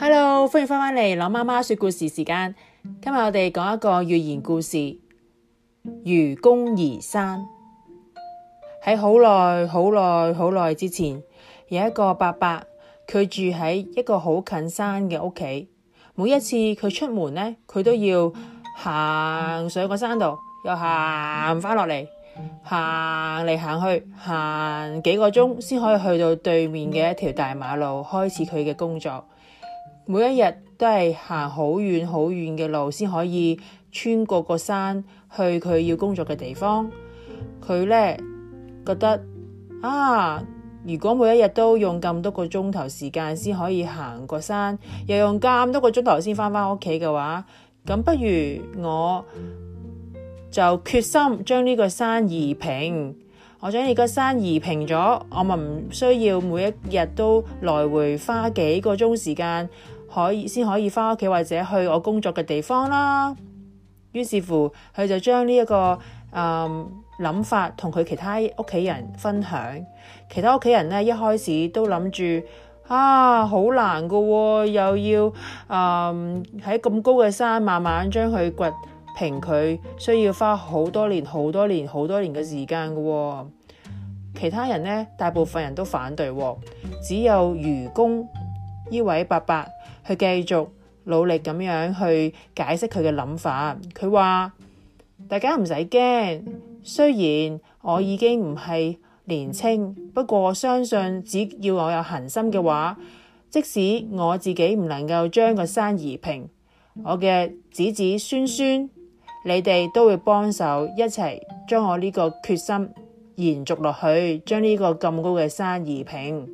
hello，歡迎返返嚟，朗媽媽說故事時間。今日我哋講一個寓言故事《愚公移山》。喺好耐、好耐、好耐之前，有一個伯伯，佢住喺一個好近山嘅屋企。每一次佢出門咧，佢都要行上個山度，又行翻落嚟，行嚟行去，行幾個鐘先可以去到對面嘅一條大馬路，開始佢嘅工作。每一日都係行好遠好遠嘅路先可以穿過個山去佢要工作嘅地方。佢咧覺得啊，如果每一日都用咁多個鐘頭時間先可以行過山，又用咁多個鐘頭先翻返屋企嘅話，咁不如我就決心將呢個山移平。我將呢個山移平咗，我咪唔需要每一日都來回花幾個鐘時間。可以先可以返屋企或者去我工作嘅地方啦。於是乎，佢就將呢一個誒諗、嗯、法同佢其他屋企人分享。其他屋企人咧，一開始都諗住啊，好難㗎、喎，又要誒喺咁高嘅山慢慢將佢掘平佢，需要花好多年、好多年、好多年嘅時間㗎、喎。其他人咧，大部分人都反對、喎，只有愚公。依位伯伯去繼續努力咁樣去解釋佢嘅諗法，佢話大家唔使驚，雖然我已經唔係年青，不過我相信只要我有恆心嘅話，即使我自己唔能夠將個山移平，我嘅子子孫孫，你哋都會幫手一齊將我呢個決心延續落去，將呢個咁高嘅山移平。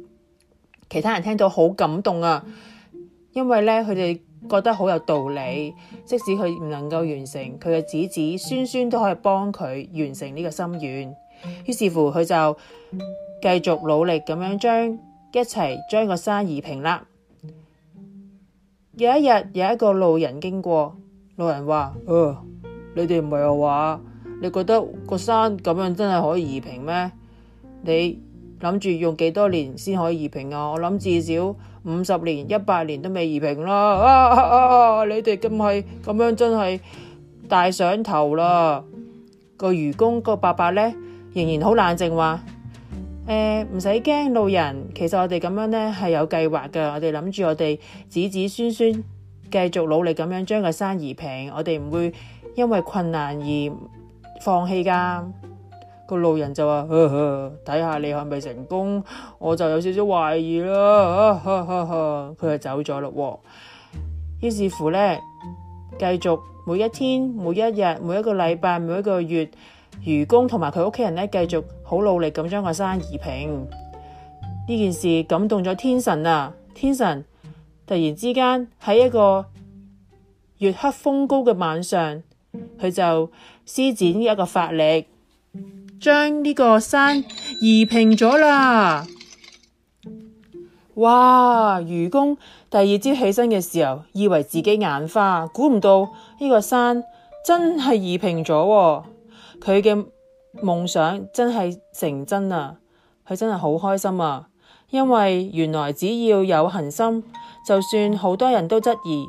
其他人聽到好感動啊，因為咧佢哋覺得好有道理，即使佢唔能夠完成，佢嘅子子孫孫都可以幫佢完成呢個心願。於是乎佢就繼續努力咁樣將一齊將個山移平啦。有一日有一個路人經過，路人、呃、話：誒，你哋唔係話你覺得個山咁樣真係可以移平咩？你？諗住用幾多年先可以移平啊？我諗至少五十年、一百年都未移平啦！啊啊啊，你哋咁係咁樣真係大想頭啦！ 個愚公、個伯伯呢，仍然好冷靜話：唔使驚，老人。其實我哋咁樣呢係有計劃嘅。我哋諗住我哋子子孫孫繼續努力咁樣將個山移平。我哋唔會因為困難而放棄噶。個路人就話：睇下你係咪成功，我就有少少懷疑啦。佢就走咗啦。於是乎呢，繼續每一天、每一日、每一個禮拜、每一個月，愚公同埋佢屋企人呢，繼續好努力咁將個山移平。呢件事感動咗天神啊！天神突然之間喺一個月黑風高嘅晚上，佢就施展一個法力。將呢個山移平咗啦！哇，愚公第二朝起身嘅時候，以為自己眼花，估唔到呢個山真係移平咗。佢嘅夢想真係成真啊！佢真係好開心啊！因為原來只要有恆心，就算好多人都質疑，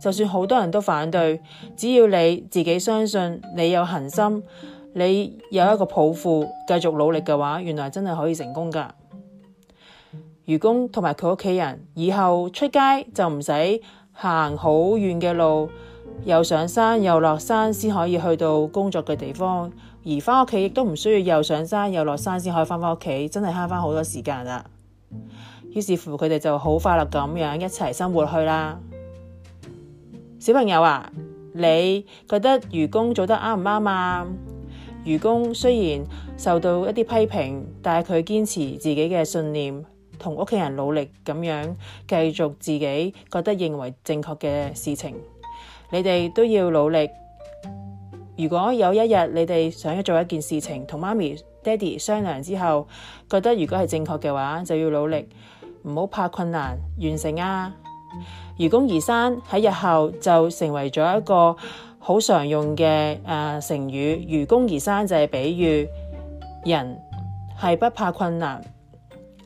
就算好多人都反對，只要你自己相信，你有恆心。你有一個抱負，繼續努力嘅話，原來真係可以成功㗎。愚公同埋佢屋企人以後出街就唔使行好遠嘅路，又上山又落山先可以去到工作嘅地方，而返屋企亦都唔需要又上山又落山先可以返返屋企，真係慳返好多時間啦。於是乎佢哋就好快樂咁樣一齊生活去啦。小朋友啊，你覺得愚公做得啱唔啱啊？愚公雖然受到一啲批評，但係佢堅持自己嘅信念，同屋企人努力咁樣繼續自己覺得認為正確嘅事情。你哋都要努力。如果有一日你哋想要做一件事情，同媽咪、爹哋商量之後，覺得如果係正確嘅話，就要努力，唔好怕困難，完成啊！愚公移山喺日後就成為咗一個。好常用嘅誒、呃、成語，愚公移山就係、是、比喻人係不怕困難，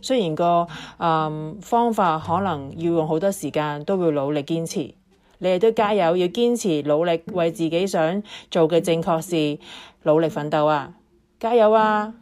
雖然個誒、呃、方法可能要用好多時間，都會努力堅持。你哋都加油，要堅持努力，為自己想做嘅正確事努力奮鬥啊！加油啊！